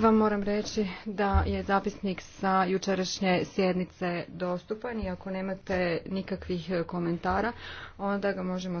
vam moram reći da je zapisnik sa jučerašnje sjednice dostupan i ako nemate nikakvih komentara onda ga možemo